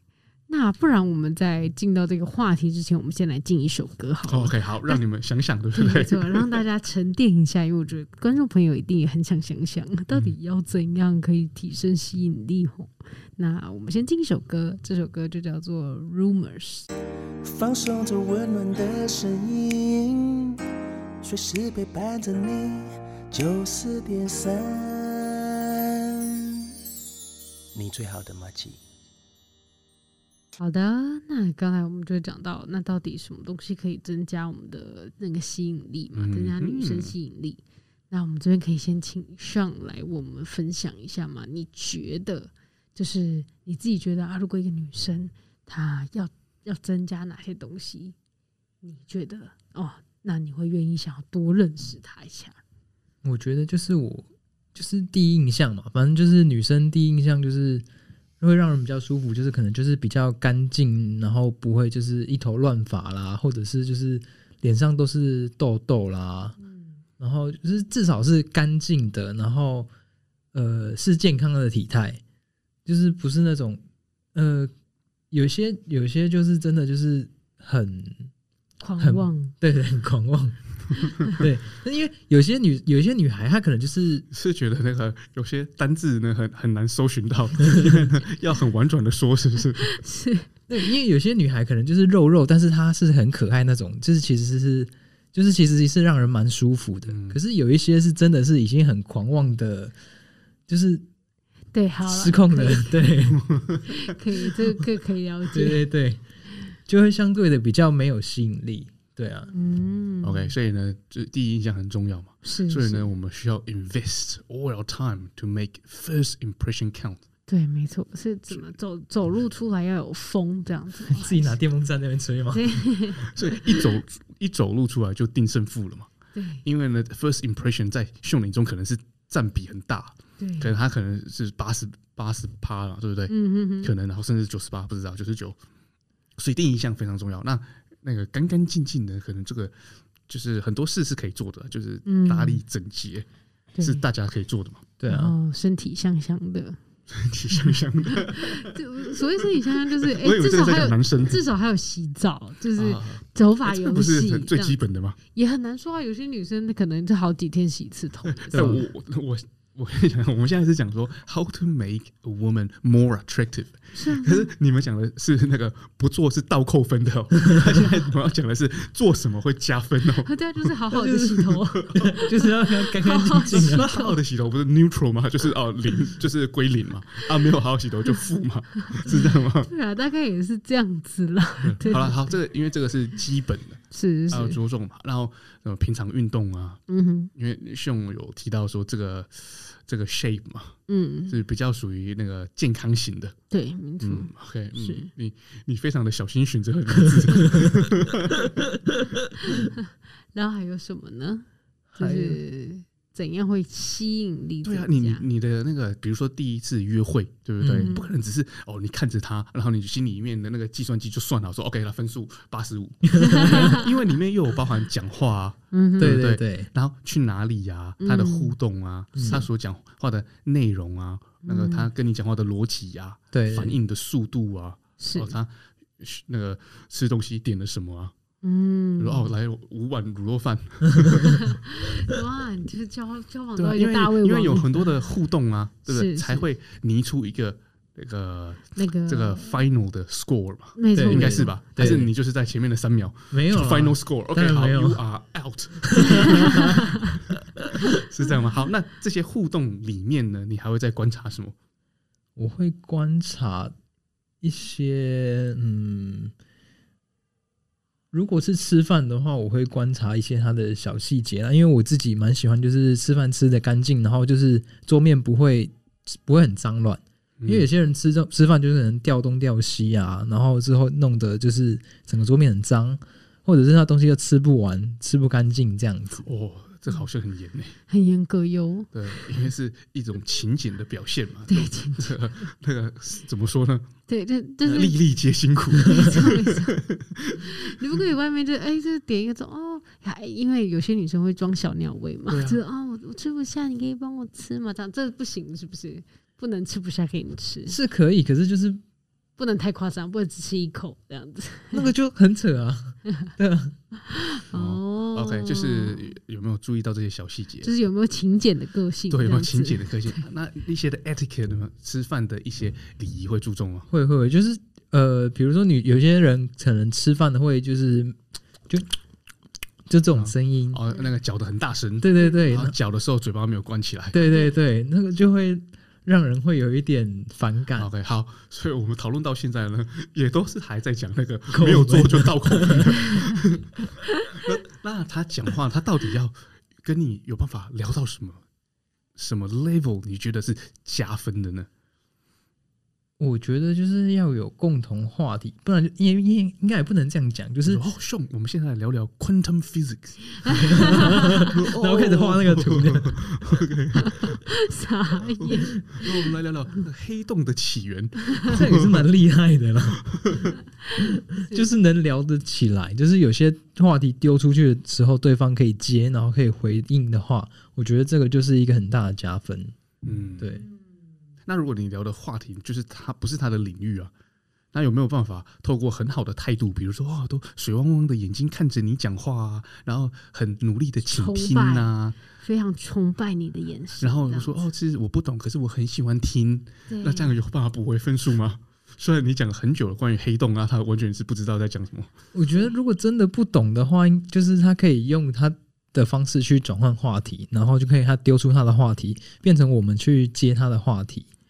那不然我們在進到這個話題之前，我們先來進一首歌好不好，好 OK 好，讓你們想想對，對不對？沒錯，讓大家沉澱一下， [LAUGHS] 因為我覺得觀眾朋友一定也很想想想，到底要怎樣可以提升吸引力。嗯，那我們先進一首歌，這首歌就叫做《Rumors》。放鬆着溫暖的聲音，隨時陪伴着你，94點三你最好的馬季。好的，那剛才我們就講到，那到底什麼東西可以增加我們的那個吸引力嘛？增加女生吸引力，嗯嗯、那我們這邊可以先請上來，為我們分享一下嘛？你覺得，就是你自己覺得啊，如果一個女生她要要增加哪些東西，你覺得哦，那你會願意想要多認識她一下？我覺得就是我就是第一印象嘛，反正就是女生第一印象就是。會讓人比較舒服，就是可能就是比較乾淨，然後不會就是一頭亂髮啦，或者是就是臉上都是痘痘啦，嗯，然後就是至少是乾淨的，然後呃是健康的體態，就是不是那種呃有些有些就是真的就是很狂妄很，對對，很狂妄。 [LAUGHS] 對，那因為有些女，有些女孩，她可能就是是覺得那個有些單字呢，很很難搜尋到， [LAUGHS] 要很婉轉的說，是不是？是，那因為有些女孩可能就是肉肉，但是她是很可愛那種，就是其實是，就是其實是讓人蠻舒服的。嗯，可是有一些是真的是已經很狂妄的，就是對，好啊，失控的，對，可以，這個 [LAUGHS] 可以，可以，可以了解，對對對，就會相對的比較沒有吸引力。對啊，嗯，OK，所以呢，就第一印象很重要嘛。是，是，所以呢，我們需要 invest all our time to make first impression count。對，沒錯，是怎麼走走路出來要有風這樣子，嗯哦、自己拿電風扇在那邊吹嘛，所以一走一走路出來就定勝負了嘛。對，因為呢，first impression 在秀林中可能是占比很大，可能他可能是八十八十趴了，對不對、嗯哼哼？可能然後甚至九十八不知道九十九，99，所以第一印象非常重要。那那個乾乾淨淨的，可能這個就是很多事是可以做的，就是打理整潔、嗯、是大家可以做的嘛，對啊，身體香香的，身體香香的， [LAUGHS] 所謂身體香香，就是、 [LAUGHS] 欸、至少還有男生，至少還有洗澡，就是走法。發、啊欸這個、不是最基本的嘛，也很難說啊，有些女生可能就好幾天洗一次頭，那我我。我我跟你講，我們現在是講說 how to make a woman more attractive。是。可是你們講的是那個不做是倒扣分的哦。 [LAUGHS] 現在我們要講的是做什麼會加分哦。對啊，就是好好的洗頭， [LAUGHS] 就是、 [LAUGHS] 就是要乾乾淨淨的。好好的洗頭不是 neutral 嗎？就是哦零，就是歸零嘛。啊，沒有好好洗頭就負嘛，是這樣嗎？是啊，大概也是這樣子啦、嗯。好了，好，這個因為這個是基本的。是是有、啊、著重嘛，然後、呃、平常運動啊，嗯、因為像我有提到說這個這個 shape 嘛，嗯，是比較屬於那個健康型的。對，沒錯 o k 嗯，okay, 嗯，你你非常的小心選擇， [LAUGHS] [LAUGHS] 然後還有什麼呢？就是、還是。怎樣會吸引力？對啊，你你的那個，比如說第一次約會，對不對？嗯、不可能只是哦，你看着他，然後你心裡面的那個計算機就算了，說 OK，了，分數八十五， [LAUGHS] 因為裡面又有包含講話、啊嗯對不對，對對對，然後去哪裡呀、啊？他的互動啊、嗯，他所講話的內容啊、嗯，那個他跟你講話的邏輯呀、啊嗯，對，反應的速度啊，是，哦，他那個吃東西點了什麼啊？嗯，哦，來五碗滷肉飯，哇、 [LAUGHS] 啊！你就交交往都一個大胃王因，因為有很多的互動啊，對、這、不、個、才會擬出一個那個那個、這個 final 的 score 嘛吧？對，應該是吧？但是你就是在前面的三秒沒有 final score，OK，、okay, 好，you are out， [LAUGHS] 是這樣嗎？好，那這些互動裡面呢，你還會再觀察什麼？我會觀察一些，嗯。如果是吃飯的話，我會觀察一些它的小細節啦，因為我自己蠻喜歡就是吃飯吃得乾淨，然後就是桌面不會不會很髒亂，嗯、因為有些人吃吃飯就是能掉東掉西啊，然後之後弄得就是整個桌面很髒，或者是他東西又吃不完、吃不乾淨這樣子、哦這好像很嚴誒、欸，很嚴格喲。對，因為是一種勤儉的表現嘛。對，勤儉 [LAUGHS] [LAUGHS] 那個怎麼說呢？對，但、就、但是粒粒皆辛苦。 [LAUGHS] [LAUGHS] 如果你外面就哎，這、欸、點一個哦，因為有些女生會裝小鳥胃嘛，說啊，我、哦、我吃不下，你可以幫我吃嘛？這樣，這不行，是不是？不能吃不下給你吃是可以，可是就是。不能太誇張，不能只吃一口這樣子，那個就很扯啊。哦、 [LAUGHS] [LAUGHS] oh,，OK，就是有沒有注意到這些小細節？就是有沒有勤儉的個性？對，有沒有勤儉的個性？那一些的 Etiquette 吃飯的一些禮儀會注重嗎？會會，就是呃，比如說你有些人可能吃飯的會就是就就這種聲音哦、oh, oh,，那個嚼的很大聲，對對對，然後嚼的時候嘴巴沒有關起來，對對對，對，那個就會。 [LAUGHS] 讓人會有一點反感。OK，好，所以我們討論到現在呢，也都是還在講那個沒有做就倒空扣分 [LAUGHS] [LAUGHS] 那。那他講話，他到底要跟你有辦法聊到什麼？什麼 level 你覺得是加分的呢？我覺得就是要有共同話題，不然，因因應該也不能這樣講。就是哦，兄，我們現在來聊聊 quantum physics， [LAUGHS] 然後開始畫那個圖。 [LAUGHS] 傻眼！那、哦、我們來聊聊那個黑洞的起源， [LAUGHS] 這也是蠻厲害的啦。就是能聊得起來，就是有些話題丟出去的時候，對方可以接，然後可以回應的話，我覺得這個就是一個很大的加分。嗯，對。那如果你聊的話題就是他不是他的領域啊，那有沒有辦法透過很好的態度，比如說哇，都水汪汪的眼睛看着你講話啊，然後很努力的傾聽啊，非常崇拜你的眼神。然後我說哦，其實我不懂，可是我很喜歡聽。那這樣有辦法補回分數嗎？雖然你講了很久了，關於黑洞啊，他完全是不知道在講什麼。我覺得如果真的不懂的話，就是他可以用他的方式去轉換話題，然後就可以他丟出他的話題，變成我們去接他的話題。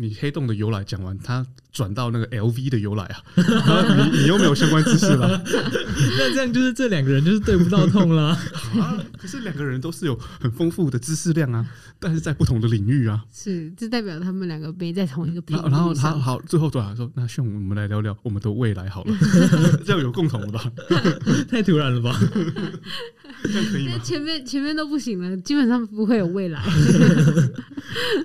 你黑洞的由來講完，他轉到那個 LV 的由來啊，啊你你又沒有相關知識了， [LAUGHS] 那這樣就是這兩個人就是對不到痛了啊。 [LAUGHS] 啊，可是兩個人都是有很豐富的知識量啊，但是在不同的領域啊。是，這代表他們兩個沒在同一個地方。然後他好，最後轉來、啊、說，那現在我們來聊聊我們的未來好了， [LAUGHS] 這樣有共同了吧？ [LAUGHS] [LAUGHS] 太突然了吧？那 [LAUGHS] 可以前面前面都不行了，基本上不會有未來。 [LAUGHS]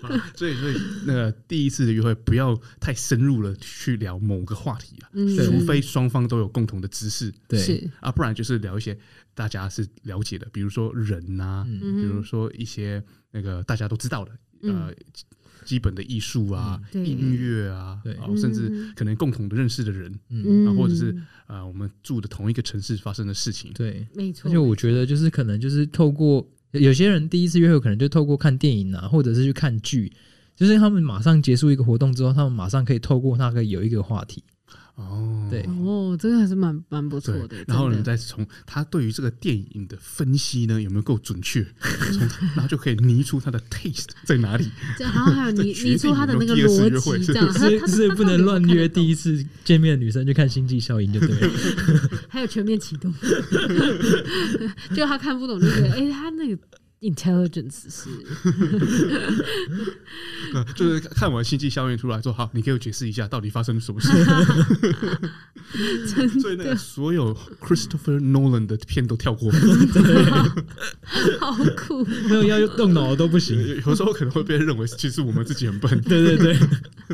啊、所以所以那個第。第一次的約會不要太深入了，去聊某個話題啊，嗯、除非雙方都有共同的知識，對，對啊，不然就是聊一些大家是了解的，比如說人啊、啊嗯，比如說一些那個大家都知道的，嗯、呃、嗯，基本的藝術啊、嗯、音樂啊，對啊，甚至可能共同的認識的人，嗯，或者是、嗯呃、我們住的同一個城市發生的事情，對，沒錯。而且我覺得，就是可能就是透過有些人第一次約會，可能就透過看電影啊，或者是去看劇。就是他們馬上結束一個活動之後，他們馬上可以透過那個有一個話題哦，對哦，這個還是蠻蠻不錯的。然後你再從他對於這個電影的分析呢，有沒有夠準確？ [LAUGHS] 然後就可以擬出他的 taste 在哪裡。這好好好 [LAUGHS] 對有有，然後還有擬擬出他的那個邏輯，這是不是,他他他是不能亂約第一次見面的女生去看《星際效應》就對了，對？還有全面啟動 [LAUGHS] [LAUGHS] [LAUGHS] 就他看不懂就覺得，哎、欸，他那個。Intelligence 是， [LAUGHS] 就是看完星際效應出來說，說好，你給我解釋一下，到底發生了什麼事？ [LAUGHS] 真的，所，以所有 Christopher Nolan 的片都跳過， [LAUGHS] 好酷、喔！沒有要用動腦都不行，有時候可能會被認為其實我們自己很笨。 [LAUGHS] 對對對，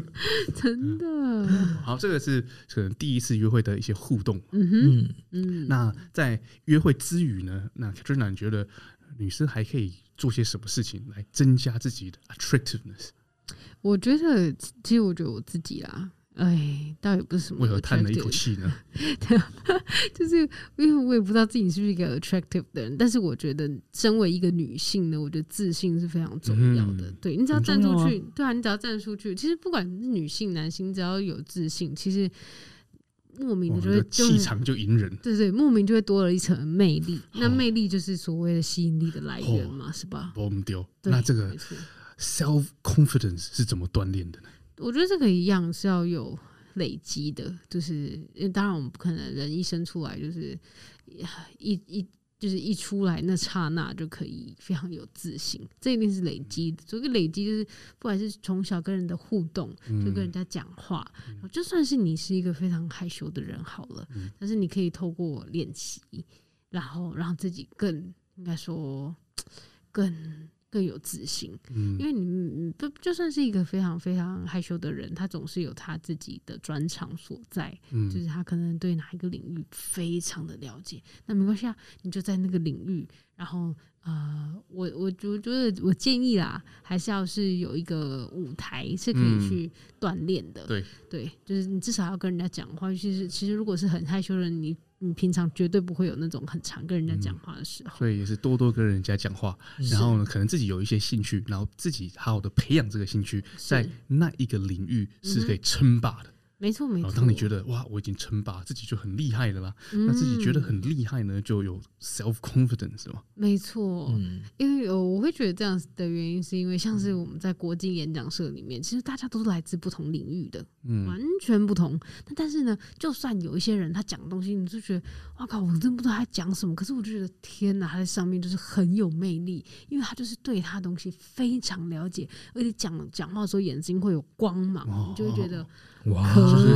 [LAUGHS] 真的。好，這個是可能第一次約會的一些互動。嗯哼，嗯。嗯，那在約會之餘呢？那 Katrina 你覺得。女生還可以做些什麼事情來增加自己的 attractiveness？我覺得，其實我覺得我自己啦，哎，倒也不是什麼。為何嘆了一口氣呢？ [LAUGHS] 就是因為我也不知道自己是不是一個 attractive 的人，但是我覺得，身為一個女性呢，我覺得自信是非常重要的。嗯、對，你只要站出去，啊對啊，你只要站出去，其實不管是女性、男性，只要有自信，其實。莫名的就會，氣場就隱忍，對對，莫名就會多了一層魅力，那魅力就是所謂的吸引力的來源嘛，哦、是吧？我們丟，那這個 self confidence 是怎麼鍛鍊的呢？我覺得這個一樣是要有累積的，就是當然我們不可能人一生出來就是一一。一就是一出來那剎那就可以非常有自信，這一定是累積的。所以累積，就是不管是從小跟人的互動、嗯，就跟人家講話，就算是你是一個非常害羞的人好了，嗯、但是你可以透過練習，然後讓自己更應該說更。更有自信，嗯，因為你就就算是一個非常非常害羞的人，他總是有他自己的專長所在，嗯，就是他可能對哪一個領域非常的了解，那沒關係啊，你就在那個領域，然後呃，我我我覺得我建議啦，還是要是有一個舞台是可以去鍛鍊的，嗯，對對，就是你至少要跟人家講話，其實、就是、其實如果是很害羞的人，你。你平常絕對不會有那種很常跟人家講話的時候，所以，嗯，對，也是多多跟人家講話，然後呢，可能自己有一些興趣，然後自己好好的培養這個興趣，在那一個領域是可以稱霸的。沒錯，沒錯。哦、當你覺得哇，我已經稱霸自己就很厲害了啦、嗯，那自己覺得很厲害呢，就有 self confidence 是吧？沒錯、嗯，因為我會覺得這樣的原因，是因為像是我們在國際演講社裡面，嗯、其實大家都是來自不同領域的、嗯，完全不同。但是呢，就算有一些人他講的東西，你就覺得哇靠，我真不知道他講什麼，可是我就覺得天哪，他在上面就是很有魅力，因為他就是對他的東西非常了解，而且講講話的時候眼睛會有光芒，你就會覺得。哇！就是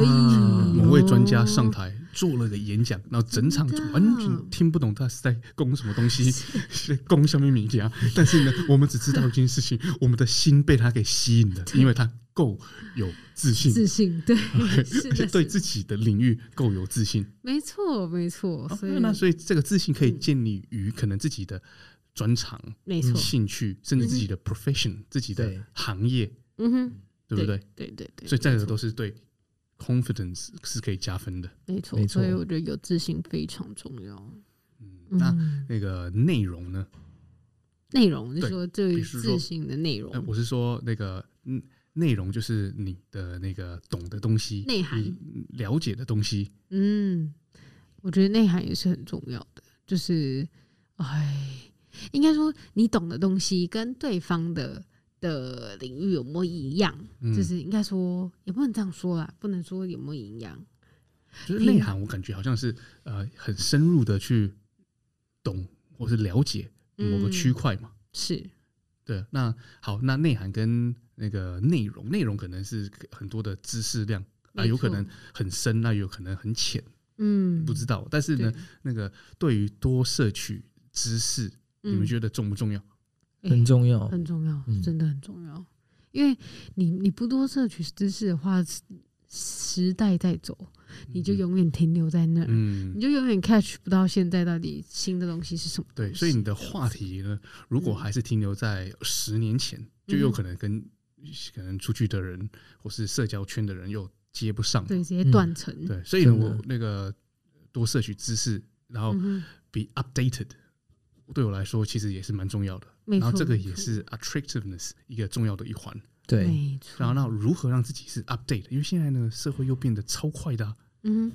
某位專家上台做了個演講，然後整場完全聽不懂他是在講什麼東西，是講什麼名言啊？但是呢，我們只知道一件事情： [LAUGHS] 我們的心被他給吸引了，因為他夠有自信，自信對，是是而且對自己的領域夠有自信。沒錯，沒錯。所以、哦、呢，所以這個自信可以建立於可能自己的專長、嗯，沒錯，興趣，甚至自己的 profession，、嗯、自己的行業。嗯哼。對不對？對對對，對，所以這個都是對 confidence 是可以加分的，沒錯，沒錯。所以我覺得有自信非常重要。嗯，那那個內容呢？內容就是、說這一次性的內容、呃，我是說那個嗯，內容就是你的那個懂的東西，內涵你了解的東西。嗯，我覺得內涵也是很重要的。就是哎，應該說你懂的東西跟對方的。的領域有沒有一樣？嗯、就是應該說也不能這樣說啦、啊，不能說有沒有一樣。就是內涵，我感覺好像是、嗯、呃很深入的去懂或是了解某個區塊嘛、嗯。是。對，那好，那內涵跟那個內容，內容可能是很多的知識量啊、呃，有可能很深，那有可能很淺，嗯，不知道。但是呢，那個對於多攝取知識，你們覺得重不重要？嗯欸、很重要，嗯、很重要，真的很重要。因為你你不多攝取知識的話，時代在走，你就永遠停留在那兒，嗯嗯，你就永遠 catch 不到現在到底新的東西是什麼。對，所以你的話題呢，如果還是停留在十年前，嗯、就有可能跟可能出去的人或是社交圈的人又接不上，對，直接斷層。嗯、對，所以我那個多攝取知識，然後 be updated，、嗯、對我來說其實也是蠻重要的。然後這個也是 attractiveness 一個重要的一環，對。沒錯。然後那如何讓自己是 update？因為現在呢，社會又變得超快的、啊，嗯，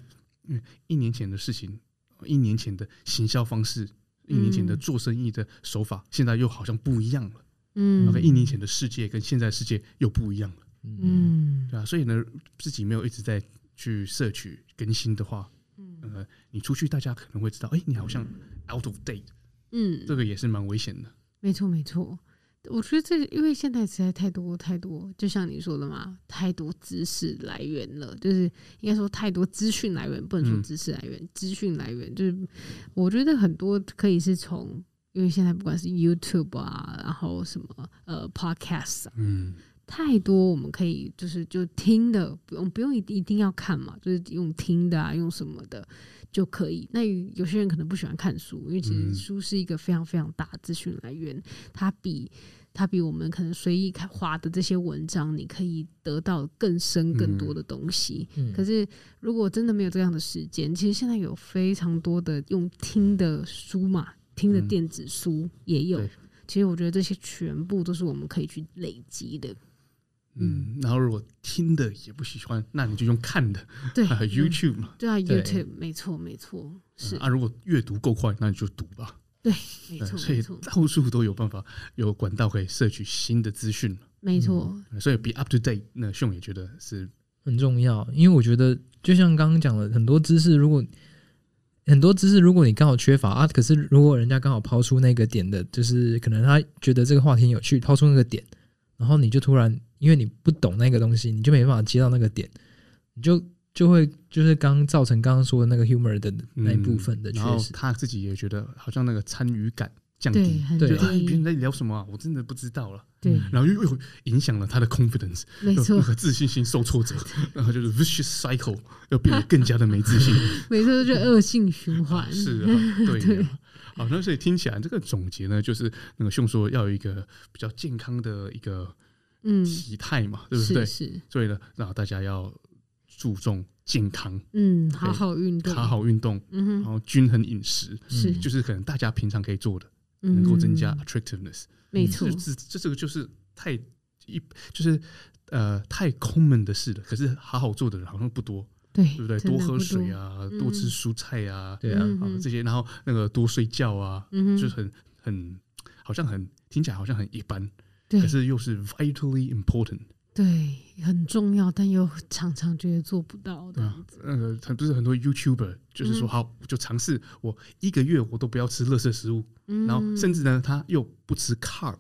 因為一年前的事情，一年前的行銷方式，一年前的做生意的手法，嗯、現在又好像不一樣了，嗯，然後一年前的世界跟現在世界又不一樣了，嗯，對啊，所以呢，自己沒有一直在去攝取更新的話，嗯、呃，你出去大家可能會知道，哎、欸，你好像 out of date，嗯，這個也是蠻危險的。沒錯沒錯，我覺得這因為現在實在太多太多，就像你說的嘛，太多知識來源了，就是應該說太多資訊來源，不能說知識來源，嗯、資訊來源就是，我覺得很多可以是從，因為現在不管是 YouTube 啊，然後什麼呃 Podcast、啊、嗯。太多，我們可以就是就聽的，不用不用一一定要看嘛，就是用聽的啊，用什麼的就可以。那有些人可能不喜歡看書，因為其實書是一個非常非常大的資訊來源，嗯、它比它比我們可能隨意看划的這些文章，你可以得到更深更多的東西。嗯、可是如果真的沒有這樣的時間，其實現在有非常多的用聽的書嘛，聽的電子書也有。嗯、其實我覺得這些全部都是我們可以去累積的。嗯，然後如果聽的也不喜歡，那你就用看的，對、啊、YouTube 嘛，嗯、對啊，YouTube，對沒錯，沒錯，嗯、是啊，如果閱讀夠快，那你就讀吧，對，沒錯、啊，所以到處都有辦法，有管道可以攝取新的資訊，沒錯，嗯、所以 be up to date，那兄也覺得是很重要，因為我覺得就像剛剛講的，很多知識，如果很多知識，如果你剛好缺乏啊，可是如果人家剛好拋出那個點的，就是可能他覺得這個話題有趣，拋出那個點，然後你就突然。因為你不懂那個東西，你就沒辦法接到那個點，你就就會就是剛造成剛剛說的那個 humor 的、嗯、那一部分的確。然後他自己也覺得好像那個參與感降低，對，對啊、別人在聊什麼、啊、我真的不知道了。對，然後又、呃、影響了他的 confidence，、那個、自信心受挫折，然後就是 vicious cycle，又變得更加的沒自信。 [LAUGHS] 沒錯，就惡性循環。 [LAUGHS] 啊是啊對，對。好，那所以聽起來這個總結呢，就是那個兄說要有一個比較健康的一個。嗯，體態嘛，對不對？是是所以呢，然後大家要注重健康。嗯，好好運動，好好運動。嗯，然後均衡飲食是，就是可能大家平常可以做的，嗯、能夠增加 attractiveness，嗯。沒錯，這這個就是太一就是呃太 common 的事了。可是好好做的人好像不多，對，對不對？多喝水啊、嗯，多吃蔬菜啊，嗯、對啊，這些，然後那個多睡覺啊，嗯、就是很很好像很聽起來好像很一般。可是又是 vitally important。對，很重要，但又常常覺得做不到的樣子。啊、呃，不、就是很多 YouTuber 就是說，嗯、好，我就嘗試，我一個月我都不要吃垃圾食物，嗯、然後甚至呢，他又不吃 carb。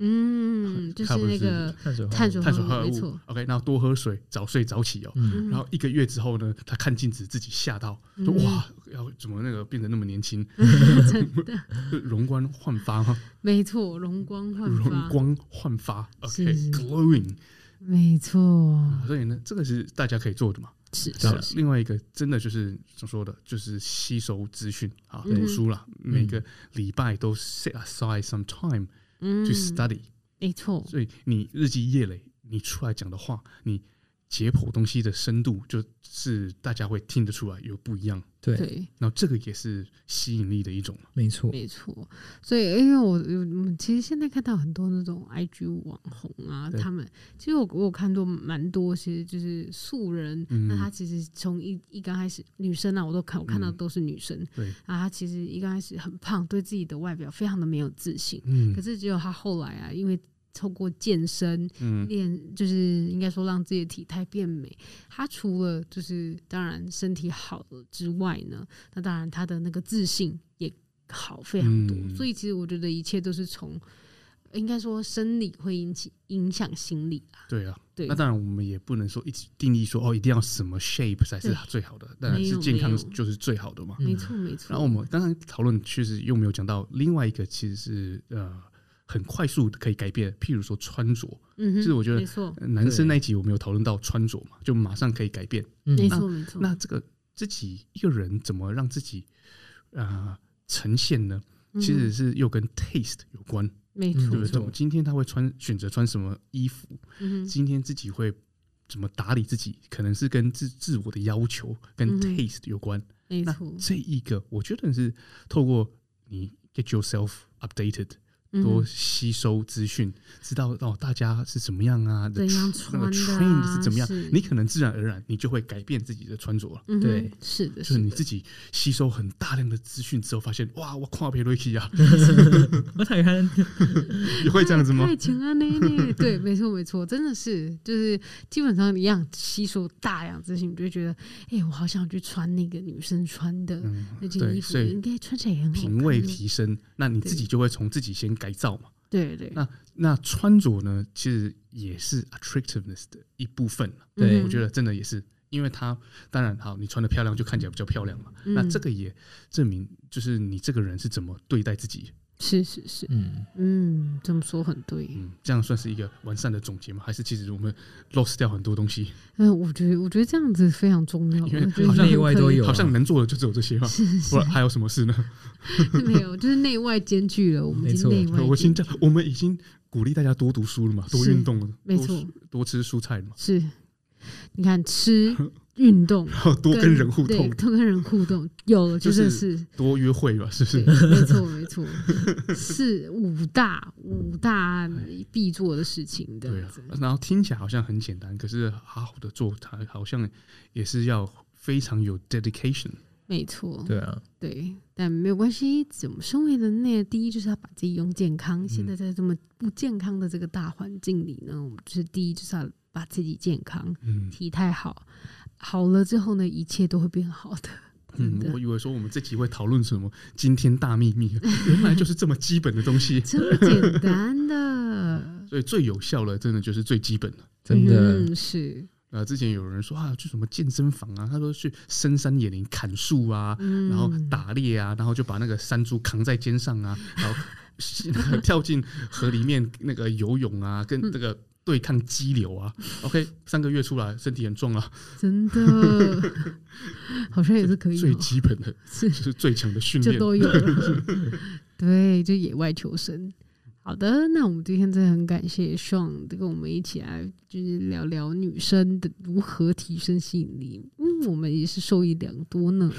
嗯，就是那個碳水化合物，碳水化合物，碳水化合物，OK。那多喝水，早睡早起哦、嗯。然後一個月之後呢，他看鏡子自己嚇到，說、嗯：“哇，要怎麼那個變得那麼年輕、嗯 [LAUGHS] 真的 [LAUGHS] ？”容光煥發沒錯，容光煥發，容光煥發，OK，glowing，OK，沒錯。所以呢，這個是大家可以做的嘛。是是。另外一個真的就是怎麼說的，就是吸收資訊啊，讀書了、嗯，每個禮拜都 set aside some time。Study, 嗯，去 study，沒錯。所以你日積月累，你出來講的話，你。解剖東西的深度，就是大家會聽得出來有不一樣。對，那這個也是吸引力的一種。沒錯，沒錯。所以，因為我我，其實現在看到很多那種 IG 網紅啊，他們其實我我有看到蠻多其實就是素人。嗯，那他其實從一一剛開始，女生啊，我都看我看到都是女生。對啊，他其實一剛開始很胖，對自己的外表非常的沒有自信。嗯，可是只有他後來啊，因為。透過健身，練、嗯、就是應該說讓自己的體態變美。他除了就是當然身體好了之外呢，那當然他的那個自信也好非常多。嗯、所以其實我覺得一切都是從應該說生理會引起影響心理啊。對啊，對。那當然我們也不能說一直定義說哦一定要什麼 shape 才是最好的，當然是健康就是最好的嘛。沒錯沒錯、嗯。然後我們剛剛討論確實又沒有講到另外一個，其實是呃。很快速可以改變，譬如說穿着、嗯，就是我覺得，男生那一集我們有討論到穿着嘛、嗯，就馬上可以改變。嗯、哼沒錯沒錯。那這個自己一個人怎麼讓自己啊、呃、呈現呢？其實是又跟 taste 有關，沒、嗯、錯、就是、今天他會穿選擇穿什麼衣服、嗯，今天自己會怎麼打理自己，可能是跟自自我的要求跟 taste 有關。沒、嗯、錯。那這一個我覺得是透過你 get yourself updated。多吸收資訊，知道、哦、大家是怎麼樣啊？怎樣穿的、啊、train 是怎麼樣？你可能自然而然你就會改變自己的穿着、嗯、對，是的，是的，就是你自己吸收很大量的資訊之後，發現哇，我跨變瑞西啊！我太看你會這樣子嗎？愛情啊捏捏，對，沒錯，沒錯，真的是，就是基本上一樣，吸收大量資訊，你就會覺得哎、欸，我好想去穿那個女生穿的那件衣服，應、嗯、該穿起來也很好看。品味提升，那你自己就會從自己先。改造嘛，對對，那那穿着呢，其實也是 attractiveness 的一部分嘛，對，我覺得真的也是，因為它當然好，你穿得漂亮就看起來比較漂亮嘛。嗯，那這個也證明，就是你這個人是怎麼對待自己。是是是，嗯嗯，這麼說很對，嗯，這樣算是一個完善的總結嗎？還是其實我們漏失掉很多東西？嗯，我覺得我覺得這樣子非常重要，因為內、就是、外都有、啊，好像能做的就只有這些了。是是，不然還有什麼事呢？ [LAUGHS] [LAUGHS] 沒有，就是內外兼具了。我們已經內外了、嗯，我現在我們已經鼓勵大家多讀書了嘛，多運動了，沒錯，多吃蔬菜了嘛。是，你看吃。 [LAUGHS] 運動，然後多跟人互動，跟多跟人互動，有了就是、就是多約會吧，是不是？沒錯，沒錯， [LAUGHS] 是五大五大必做的事情的。對啊，然後聽起來好像很簡單，可是好好的做它，好像也是要非常有 dedication。沒錯，對啊，對，但沒有關係。我們身為人類、那個，第一就是要把自己用健康。現在在這麼不健康的這個大環境裡呢，嗯、我們就是第一就是要把自己健康，嗯，體態好。好了之後呢，一切都會變好的。的嗯，我以為說，我們這集會討論什麼驚天大秘密，原來就是這麼基本的東西， [LAUGHS] 這麼簡單的。 [LAUGHS] 所以最有效的，真的就是最基本的，真的、嗯、是。啊、呃，之前有人說啊，去什麼健身房啊，他說去深山野林砍樹啊、嗯，然後打獵啊，然後就把那個山豬扛在肩上啊，然後， [LAUGHS] 是然後跳進河裡面那個游泳啊，跟那個、嗯。對抗激流啊，OK，三個月出來，身體很重啊，真的，好像也是可以、哦、最基本的，是、就是、最強的訓練這都有， [LAUGHS] 對，就野外求生。好的，那我們今天真的很感謝爽，跟我們一起來就是聊聊女生的如何提升吸引力，嗯，我們也是受益良多呢。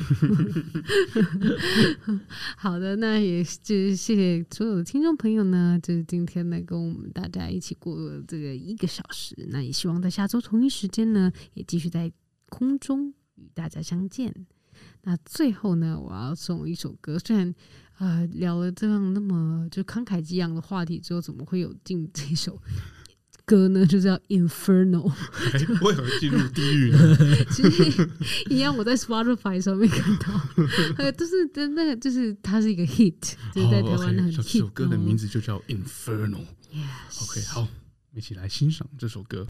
[LAUGHS] 好的，那也是謝謝所有的聽眾朋友呢，就是今天呢跟我們大家一起過了這個一個小時，那也希望在下周同一時間呢，也繼續在空中與大家相見。那最後呢，我要送一首歌，雖然。啊、呃，聊了這樣那麼就慷慨激昂的話題之後，怎麼會有進這首歌呢？就叫 Inferno,、欸《Inferno》，我進入地獄。其實一樣，我在 Spotify 上面看到，呃， [LAUGHS] 就是的那個，就是它是一個 hit，就是在台灣很 hit 喔。這首歌的名字就叫、Inferno《Inferno、yes.》，OK，好，一起來欣賞這首歌。